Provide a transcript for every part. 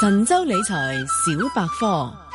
神州理財小百科。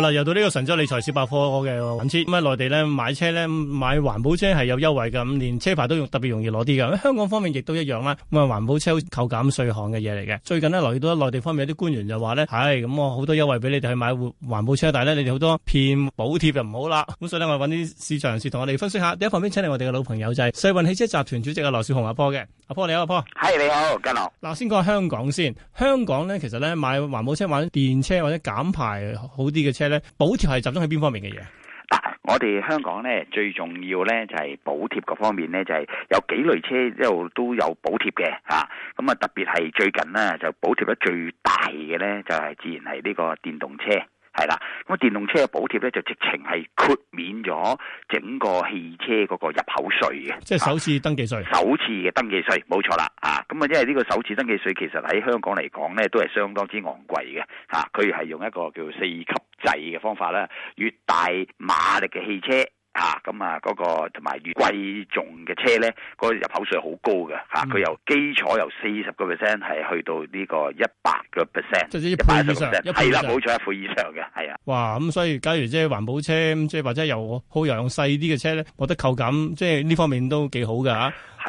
啦，入到呢個神州理財小百科嘅搵車，咁喺內地咧買車咧買環保車係有優惠嘅，咁連車牌都用特別容易攞啲嘅。香港方面亦都一樣啦，咁啊環保車扣減稅項嘅嘢嚟嘅。最近呢，留意到內地方面有啲官員就話咧係咁，哎、我好多優惠俾你哋去買環保車，但係咧你哋好多騙補貼就唔好啦。咁所以咧我揾啲市場人士同我哋分析下。第一方面請嚟我哋嘅老朋友就係世運汽車集團主席阿羅少雄阿波嘅，阿波你好，阿波，係你好，家樂。嗱，先講下香港先，香港咧其實咧買環保車,買車或者電車或者減排好啲嘅車。咧，補貼係集中喺邊方面嘅嘢、啊？我哋香港咧最重要咧就係、是、補貼嗰方面咧，就係、是、有幾類車一路都有補貼嘅嚇。咁啊，特別係最近咧就補貼得最大嘅咧，就係、是、自然係呢個電動車。係啦，咁啊電動車嘅補貼咧就直情係豁免咗整個汽車嗰個入口稅嘅，即係首次登記稅，啊。首次嘅登記稅，冇錯啦，啊，咁啊，因為呢個首次登記稅其實喺香港嚟講咧都係相當之昂貴嘅，吓，啊，佢係用一個叫四級制嘅方法咧，越大馬力嘅汽車。吓咁啊，嗰、嗰個同埋越貴重嘅車咧，嗰個入口稅好高嘅吓，佢、啊嗯、由基礎由四十個 percent 係去到呢個一百個 percent，即係一倍以上，係啦，冇錯，一倍以上嘅係啊。哇，咁、嗯、所以假如即係環保車，即係或者由又好用細啲嘅車咧，我覺得扣減，即係呢方面都幾好嘅吓。啊咁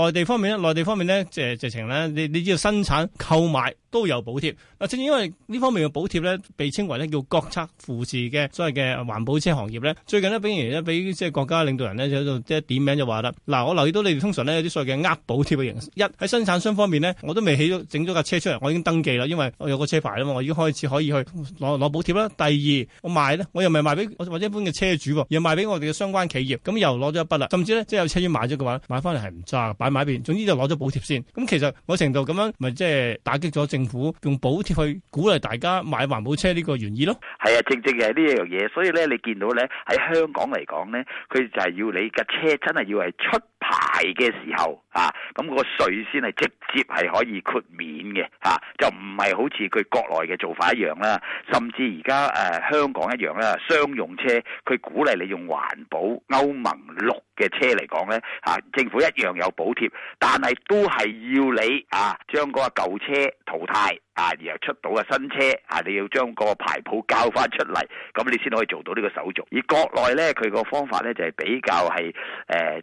啊，內地方面呢，內地方面咧，即係直情咧，你你知道生產、購買都有補貼。嗱，正因為呢方面嘅補貼呢，被稱為咧叫國策扶持嘅所謂嘅環保車行業呢。最近呢，比如咧，俾即係國家領導人呢，就喺度即係點名就話啦。嗱，我留意到你哋通常呢，有啲所謂嘅騙補貼嘅形式。一喺生產商方面呢，我都未起咗整咗架車出嚟，我已經登記啦，因為我有個車牌啊嘛，我已經開始可以去攞攞補貼啦。第二，我賣呢，我又唔係賣俾我或者一般嘅車主，而係賣俾我哋嘅相關企業，咁又攞咗一筆啦。甚至呢，即係有車主買咗嘅話，買翻嚟。係唔揸，擺埋一邊，總之就攞咗補貼先。咁其實某程度咁樣，咪即係打擊咗政府用補貼去鼓勵大家買環保車呢個原意咯。係啊，正正係呢樣嘢。所以咧，你見到咧喺香港嚟講咧，佢就係要你架車真係要係出大嘅時候啊，咁個稅先係直接係可以豁免嘅嚇、啊，就唔係好似佢國內嘅做法一樣啦。甚至而家誒香港一樣啦，商用車佢鼓勵你用環保歐盟六嘅車嚟講呢，嚇、啊，政府一樣有補貼，但係都係要你啊將嗰個舊車淘汰。啊，而又出到嘅新車啊，你要將個牌簿交翻出嚟，咁你先可以做到呢個手續。而國內咧，佢個方法咧就係比較係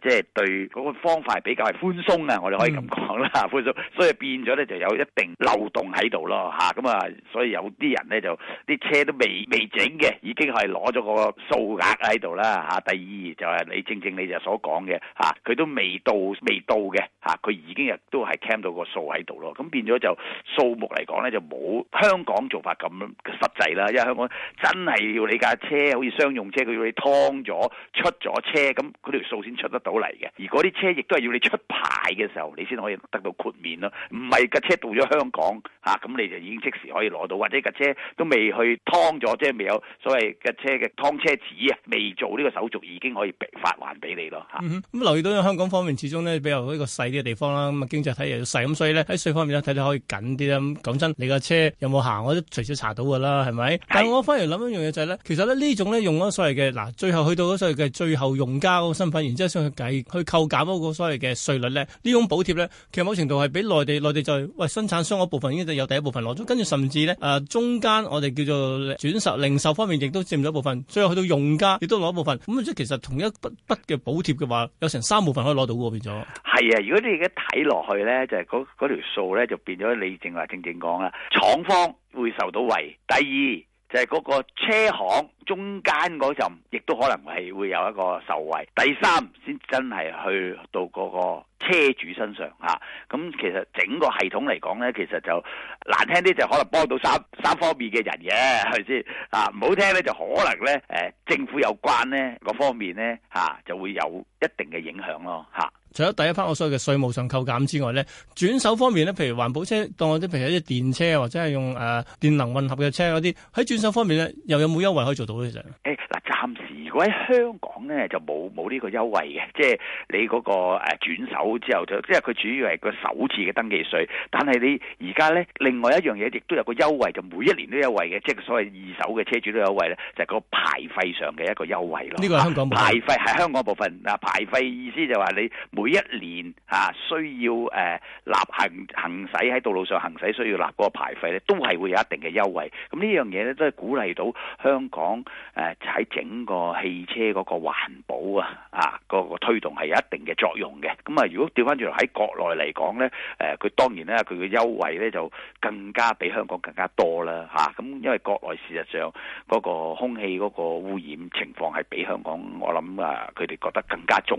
誒，即係對嗰個方法係比較係寬鬆啊，我哋可以咁講啦，寬鬆。所以變咗咧就有一定漏洞喺度咯嚇。咁啊，所以有啲人咧就啲車都未未整嘅，已經係攞咗個數額喺度啦嚇。第二就係你正正你就所講嘅嚇，佢都未到未到嘅嚇，佢已經都係 cam 到個數喺度咯。咁變咗就數目嚟講咧，就冇香港做法咁嘅實際啦，因為香港真係要你架車，好似商用車，佢要你劏咗出咗車，咁嗰條數先出得到嚟嘅。而嗰啲車亦都係要你出牌嘅時候，你先可以得到豁免咯。唔係架車到咗香港嚇，咁、啊、你就已經即時可以攞到，或者架車都未去劏咗，即係未有所謂架車嘅㓥車紙啊，未做呢個手續，已經可以被發還俾你咯嚇。咁、啊嗯嗯、留意到香港方面始終咧比較一個細啲嘅地方啦，咁、嗯、啊經濟體又要細，咁所以咧喺稅方面咧睇到可以緊啲啦。講真。你個車有冇行？我都隨時查到噶啦，係咪？但係我反而諗一樣嘢就係、是、咧，其實咧呢種咧用咗所謂嘅嗱，最後去到嗰所謂嘅最後用家嗰個身份，然之後先去計去扣減嗰個所謂嘅稅率咧，種補貼呢種補貼咧，其實某程度係畀內地內地就、就是、喂生產商嗰部分已經有第一部分攞咗，跟住甚至咧誒、啊、中間我哋叫做轉售零售方面亦都佔咗一部分，最後去到用家亦都攞一部分，咁即係其實同一筆筆嘅補貼嘅話，有成三部分可以攞到嘅喎變咗。係啊，如果你而家睇落去咧，就係嗰嗰條數咧，就變咗你正話正正講啦。廠方會受到惠，第二就係、是、嗰個車行中間嗰陣，亦都可能係會，會有一個受惠。第三先真係去到嗰個車主身上吓。咁、啊、其實整個系統嚟講咧，其實就難聽啲就可能幫到三三方面嘅人嘅，係咪先啊？唔好聽咧就可能咧誒、欸、政府有關咧嗰方面咧吓、啊、就會有一定嘅影響咯吓。啊除咗第一 part 我所謂嘅稅務上扣減之外咧，轉手方面咧，譬如環保車，當我啲譬如一啲電車或者係用誒、呃、電能混合嘅車嗰啲，喺轉手方面咧，又有冇優惠可以做到咧、哎呃？其實誒，嗱，暫時如果喺香港咧就冇冇呢個優惠嘅，即係你嗰個誒轉手之後，就即係佢主要係個首次嘅登記稅。但係你而家咧，另外一樣嘢亦都有個優惠，就每一年都有優惠嘅，即係所謂二手嘅車主都有優惠咧，就係、是、個牌費上嘅一個優惠啦。呢個、啊、香港牌費係香港部分嗱、啊，牌費意思就話你每。就是每一年嚇、啊、需要誒、啊、立行行駛喺道路上行駛，需要立嗰個牌費咧，都係會有一定嘅優惠。咁、嗯、呢樣嘢咧，都係鼓勵到香港誒喺、啊、整個汽車嗰個環保啊，啊、嗰個推動係有一定嘅作用嘅。咁啊，如果調翻轉頭喺國內嚟講咧，誒、啊、佢當然咧佢嘅優惠咧就更加比香港更加多啦吓，咁、啊啊、因為國內事實上嗰、嗰個空氣嗰個污染情況係比香港我諗啊佢哋覺得更加重。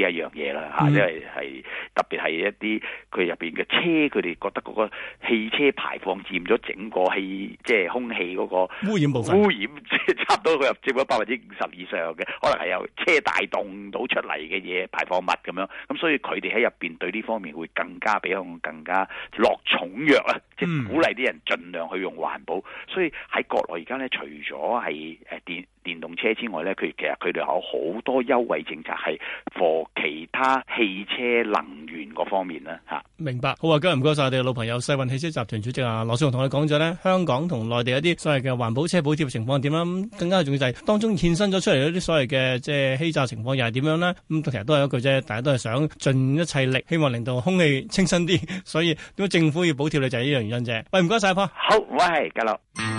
呢一樣嘢啦嚇，因為係特別係一啲佢入邊嘅車，佢哋覺得嗰個汽車排放佔咗整個氣，即係空氣嗰個污染部分，污染即係差唔多佢入佔咗百分之五十以上嘅，可能係由車帶動到出嚟嘅嘢排放物咁樣。咁所以佢哋喺入邊對呢方面會更加比較更加落重藥啊！即係鼓勵啲人儘量去用環保。所以喺國內而家咧，除咗係誒電電動車之外咧，佢其實佢哋有好多優惠政策係和其他汽車能源嗰方面咧吓。明白，好啊，今日唔該晒我哋老朋友世運汽車集團主席啊羅少雄，同你講咗咧，香港同內地一啲所謂嘅環保車補貼情況點樣，咁更加重要就係當中衍生咗出嚟嗰啲所謂嘅即係欺詐情況又係點樣咧？咁其實都係一句啫，大家都係想盡一切力，希望令到空氣清新啲，所以點解政府要補貼咧，就係呢樣原因啫。喂，唔該晒，好，喂，家樂、嗯。